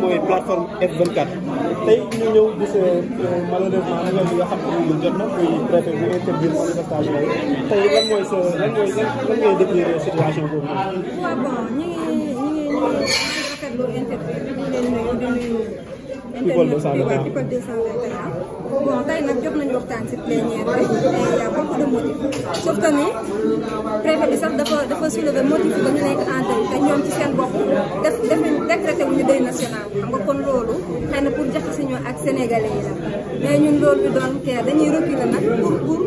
mooy plateforme F24 tey ñu ñëw gis euh, malheureusement nag li nga xam ne jot na muy préfet bu interdire manifestation yi tey lan mooy sa lan mooy lan lan ngay décrire situation boobu noonu. waaw bon ñu ngi ñu ngi rafetlu interdire people 221 people 221 bon tey nag jot nañu waxtaan si plénière bi mais y a beaucoup de motifs bi sax dafa dafa soulever motif ba ñu nekk en deuil te pour jaxase ñoo la ñu doon kii dañuy reculer nag pour pour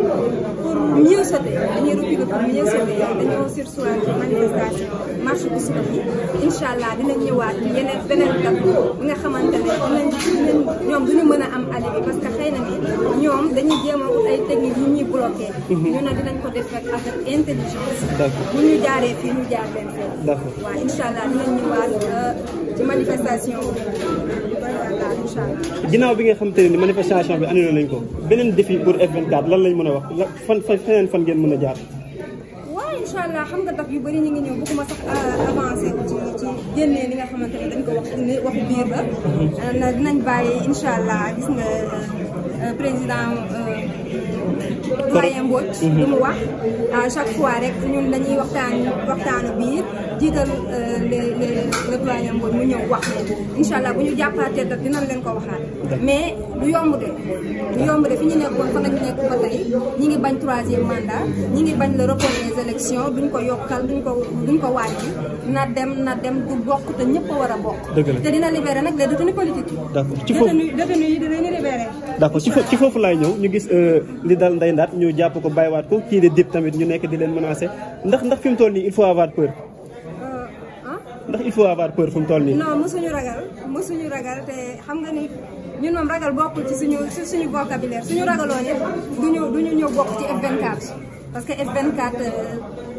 pour mieux sauter dañuy reculer mieux sauter dañoo sursoir ci manifestation marche bu suba bi incha allah dinañ yeneen beneen date bi nga xamante dinañ dinañ ñoom duñu mën a am alibi parce que xëy na ni ñoom dañuy jéem a ay technique yu ñuy bloqué mhm. ñu ne dinañ ko def rek avec intelligence bu ñu jaaree fii ñu jaar leen fee waaw incha allah dinañ ñëwaat euh, ci manifestation ginnaaw bi nga xam te ne manifestation bi annulé nañ ko beneen défi pour F24 lan lañ mën a wax fan fan feneen fan ngeen mën a jaar inchallah xam nga daf yu bëri ñu ngi ñëw bëgguma sax avancé ci ci génnee li nga xamante ne dañ ko wax ni waxu biir la dinañ bàyyi inchallah gis nga président doyen Mbodj mhm. lu mu wax chaque fois rek ñun dañuy waxtaan waxtaanu biir jiital le euh, le doyen Mbodj mu ñëw wax leen incha allah bu ñu jàppaatee daf dinañ leen ko waxaat mais du yomb de du yomb de fi ñu nekkoon fa lañu nekk ba tey ñi ngi bañ troisième mandat ñi ngi bañ le report duñ ko yokkal duñ ko duñ ko wàññi na dem na dem du bokk te ñëpp a war a bokk. dëgg la te dina libéré nag les détenus politiques. d' accord ci foofu détenus yi dinañu ci foofu laay ñëw ñu gis euh, li dal Ndeye Ndate ñu jàpp ko waat ko kii de dip tamit ñu nekk di leen menacé ndax ndax fi mu toll nii il faut avoir peur. Euh, ah? ndax il faut avoir peur fu mu toll nii. non suñu ragal mosuñu ragal te xam nga ni ñun moom ragal bokkul ci suñu ci suñu vocabulaire suñu ragaloo yëpp du ñu du ñu ñëw bokk ci F24 parce que F24.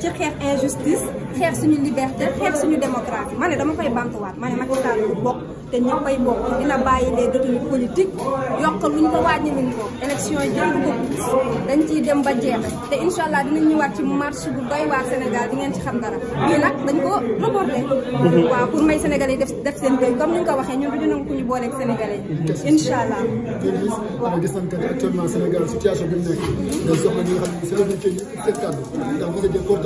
ci xeex injustice xeex suñu liberté xeex suñu démocratie ma ne dama koy bantuwaat ma ne Macky Sall du bokk te ñëppay bokk dina bàyyi les détenus politiques yokk luñ ko wàññi luñ ko élection yi jënd ko dañ ciy dem ba jeex te incha allah dinañ ñëwaat ci marche bu doy waar Sénégal di ngeen ci xam dara bii nag dañ ko reporté mhm. waaw pour ma sénégalais yi def def seen béy comme ko waxee ñun duñu nangu ku ñu booleeg sénégalais yi mhm. incha allah waaw gis nañ que actuellement Sénégal situation bi mu nekk mhm. day soxla ñi xam ne seen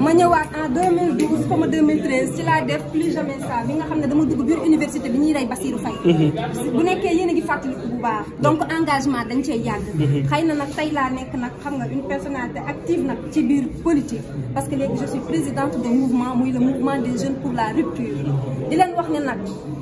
ma ñëwaat en 2012 comme 2013 ci laa def plus jamais ça bi nga xamné dama dugg biir université bi ñi ray Bassirou Faye mhm. bu nekké yéen a ngi fàttaliku bu baax donc engagement dañ cey yàgg mhm. xëy nak tay la laa nekk xam nga une personnalité active nak ci biir politique parce que légui je suis présidente de mouvement muy le mouvement des jeunes pour la rupture di leen wax ne nak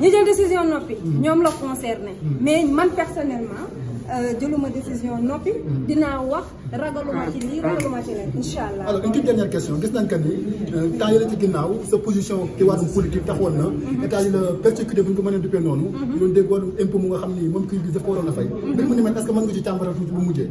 ñi jël décision nopi ñom la concerné mm. Mm. mais man personnellement euh, jëluma décision nopi mm. dina wax ragaluma ci ni ah. ragaluma ci leen incha alors une toute dernière question gis nañ que ni euh, temps yële ci ginnaaw sa position ci wàllum politique taxone na mm-hmm. état yi la persécuté buñ ko mënee duppee noonu mm-hmm. ñu doon déggoon impu mu nga xamni ni moom kii bi ko a fay mbir mm-hmm. mu ni mel est-ce que mën nga ci càmbaral tout bu mujjee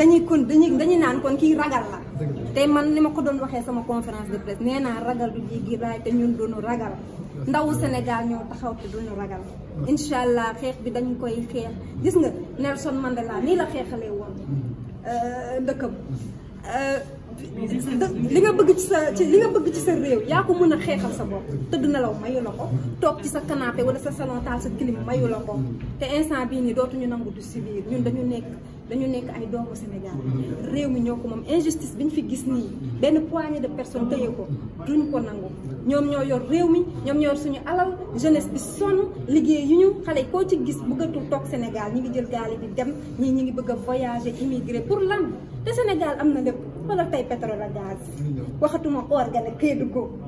dañuy kon dañuy dañuy naan kon kii ragal la te man li ma ko doon waxee sama conférence de presse nee naa ragal du jigi raay te ñun duñu ragal ndawu Sénégal ñoo taxaw te duñu ragal mm. incha allah xeex bi dañu koy xeex gis nga Nelson Mandela nii la xeexalee woon mm. euh, dëkkam mm. euh, li nga bëgg ci sa ci li nga bëgg ci sa réew yaa ko mën a xeexal sa bopp tëdd nelaw mayu la ko toog ci sa canapé wala sa salon taal sa clim mayu la ko te instant bii nii dootuñu nangu du civil ñun dañu nekk dañu nekk ay doomu Sénégal réew mi ñoo ko moom injustice bi ñu fi gis nii benn poignée de personnes tëye ko duñ ko nangu ñoom ñoo yor réew mi ñoom ñoo yor suñu alal jeunesse bi sonn liggéey yu ñu xale koo ci gis bëggatul toog Sénégal ñi ngi jël gaali bi dem ñii ñi ngi bëgg a voyager immigré pour lan te Sénégal am na lépp wala tey pétrole ak gaz waxatuma organe Kédougou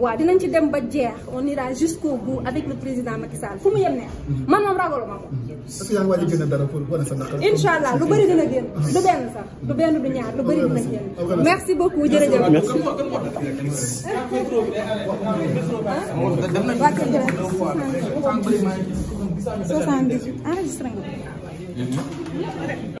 waaw dinañ ci dem ba jeex on ira jusqu'au bout avec le président Macky Sall fu mu yem neex. man moom ragaluma ko. est-ce que yaa ngi waaj a génne dara pour wane sa naqar. incha allah lu bëri dina génn. du ah. benn sax du benn du ñaar lu bëri dina génn. Ah, merci beaucoup jërëjëf. merci. Ah. soixante-dix enregistré